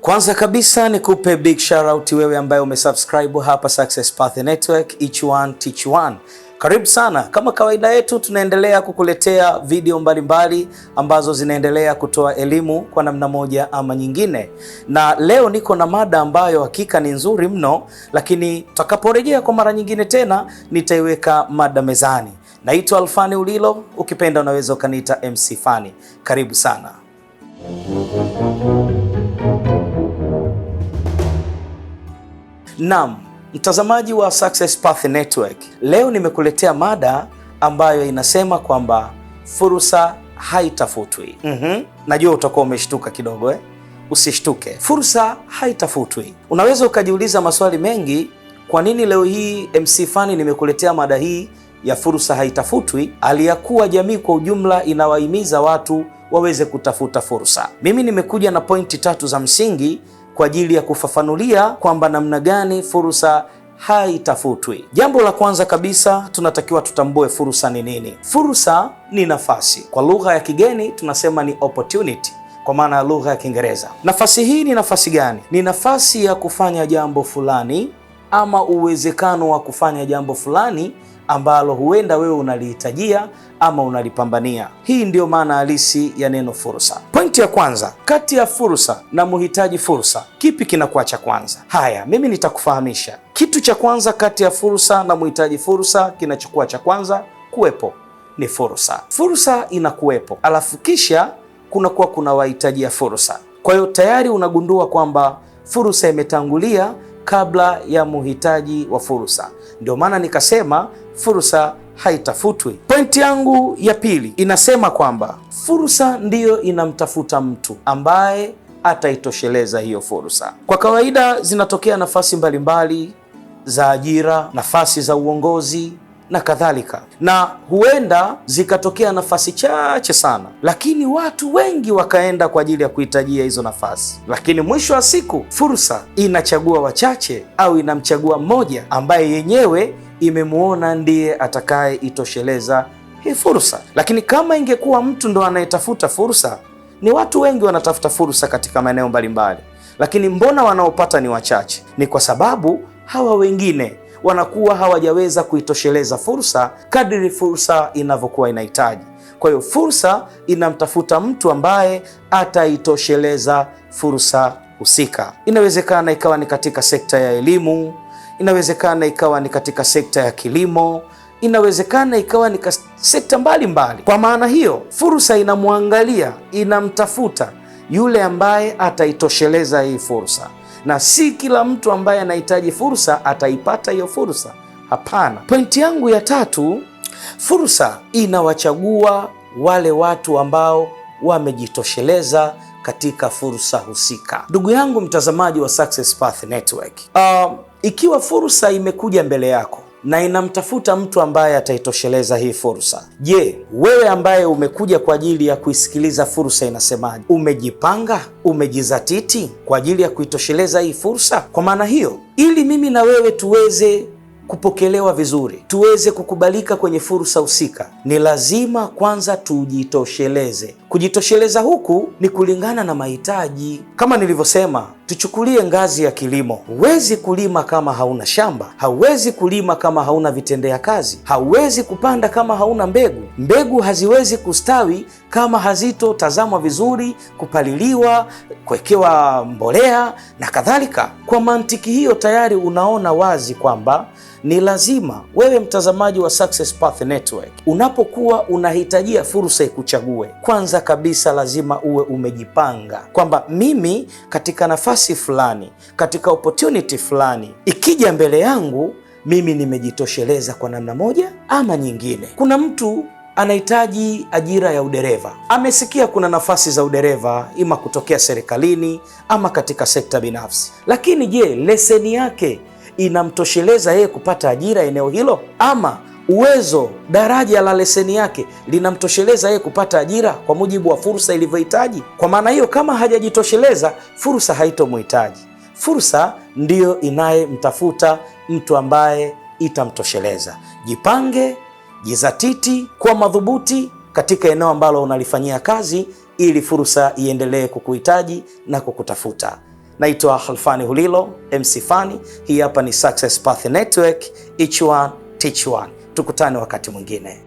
Kwanza kabisa nikupe big shout out wewe ambaye umesubscribe hapa Success Path Network, each one teach one. Karibu sana. Kama kawaida yetu, tunaendelea kukuletea video mbalimbali mbali ambazo zinaendelea kutoa elimu kwa namna moja ama nyingine, na leo niko na mada ambayo hakika ni nzuri mno, lakini tutakaporejea kwa mara nyingine tena nitaiweka mada mezani. Naitwa Alfani Ulilo, ukipenda unaweza ukaniita MC Fani. Karibu sana. Naam, mtazamaji wa Success Path Network, leo nimekuletea mada ambayo inasema kwamba fursa haitafutwi. mm -hmm. Najua utakuwa umeshtuka kidogo eh? Usishtuke, fursa haitafutwi. Unaweza ukajiuliza maswali mengi, kwa nini leo hii MC Fani nimekuletea mada hii ya fursa haitafutwi, aliyakuwa jamii kwa ujumla inawahimiza watu waweze kutafuta fursa. Mimi nimekuja na pointi tatu za msingi kwa ajili ya kufafanulia kwamba namna gani fursa haitafutwi. Jambo la kwanza kabisa tunatakiwa tutambue fursa ni nini. Fursa ni nafasi, kwa lugha ya kigeni tunasema ni opportunity kwa maana ya lugha ya Kiingereza. Nafasi hii ni nafasi gani? Ni nafasi ya kufanya jambo fulani ama uwezekano wa kufanya jambo fulani ambalo huenda wewe unalihitajia ama unalipambania. Hii ndiyo maana halisi ya neno fursa. Pointi ya kwanza, kati ya fursa na muhitaji fursa, kipi kinakuwa cha kwanza? Haya, mimi nitakufahamisha. Kitu cha kwanza kati ya fursa na muhitaji fursa kinachokuwa cha kwanza kuwepo ni fursa. Fursa inakuwepo, alafu kisha kunakuwa kuna wahitaji ya fursa. Kwa hiyo tayari unagundua kwamba fursa imetangulia kabla ya muhitaji wa fursa. Ndio maana nikasema fursa haitafutwi. Pointi yangu ya pili inasema kwamba fursa ndiyo inamtafuta mtu ambaye ataitosheleza hiyo fursa. Kwa kawaida zinatokea nafasi mbalimbali za ajira, nafasi za uongozi na kadhalika, na huenda zikatokea nafasi chache sana, lakini watu wengi wakaenda kwa ajili ya kuhitajia hizo nafasi. Lakini mwisho wa siku, fursa inachagua wachache au inamchagua mmoja ambaye yenyewe imemwona ndiye atakayeitosheleza hii fursa. Lakini kama ingekuwa mtu ndo anayetafuta fursa, ni watu wengi wanatafuta fursa katika maeneo mbalimbali, lakini mbona wanaopata ni wachache? Ni kwa sababu hawa wengine wanakuwa hawajaweza kuitosheleza fursa kadiri fursa inavyokuwa inahitaji. Kwa hiyo fursa inamtafuta mtu ambaye ataitosheleza fursa husika. Inawezekana ikawa ni katika sekta ya elimu inawezekana ikawa ni katika sekta ya kilimo, inawezekana ikawa ni sekta mbalimbali. Kwa maana hiyo, fursa inamwangalia, inamtafuta yule ambaye ataitosheleza hii fursa, na si kila mtu ambaye anahitaji fursa ataipata hiyo fursa. Hapana. Pointi yangu ya tatu, fursa inawachagua wale watu ambao wamejitosheleza katika fursa husika. Ndugu yangu mtazamaji wa Success Path Network, uh, ikiwa fursa imekuja mbele yako na inamtafuta mtu ambaye ataitosheleza hii fursa, je, wewe ambaye umekuja kwa ajili ya kuisikiliza fursa inasemaje? Umejipanga, umejizatiti kwa ajili ya kuitosheleza hii fursa? Kwa maana hiyo, ili mimi na wewe tuweze kupokelewa vizuri, tuweze kukubalika kwenye fursa husika, ni lazima kwanza tujitosheleze. Kujitosheleza huku ni kulingana na mahitaji, kama nilivyosema Tuchukulie ngazi ya kilimo. Huwezi kulima kama hauna shamba, hauwezi kulima kama hauna vitendea kazi, hauwezi kupanda kama hauna mbegu. Mbegu haziwezi kustawi kama hazitotazamwa vizuri, kupaliliwa, kuwekewa mbolea na kadhalika. Kwa mantiki hiyo, tayari unaona wazi kwamba ni lazima wewe mtazamaji wa Success Path Network unapokuwa unahitajia fursa ikuchague, kwanza kabisa lazima uwe umejipanga kwamba mimi katika nafasi nafasi fulani, katika opportunity fulani, ikija mbele yangu mimi nimejitosheleza kwa namna moja ama nyingine. Kuna mtu anahitaji ajira ya udereva, amesikia kuna nafasi za udereva ima kutokea serikalini ama katika sekta binafsi, lakini je, leseni yake inamtosheleza yeye kupata ajira eneo hilo ama uwezo, daraja la leseni yake linamtosheleza yeye kupata ajira kwa mujibu wa fursa ilivyohitaji. Kwa maana hiyo, kama hajajitosheleza, fursa haitomhitaji. Fursa ndiyo inayemtafuta mtu ambaye itamtosheleza. Jipange, jizatiti kwa madhubuti katika eneo ambalo unalifanyia kazi ili fursa iendelee kukuhitaji na kukutafuta. Naitwa Khalfani Hulilo MC Fani. Hii hapa ni Success Path Network. Each one teach one. Tukutane wakati mwingine.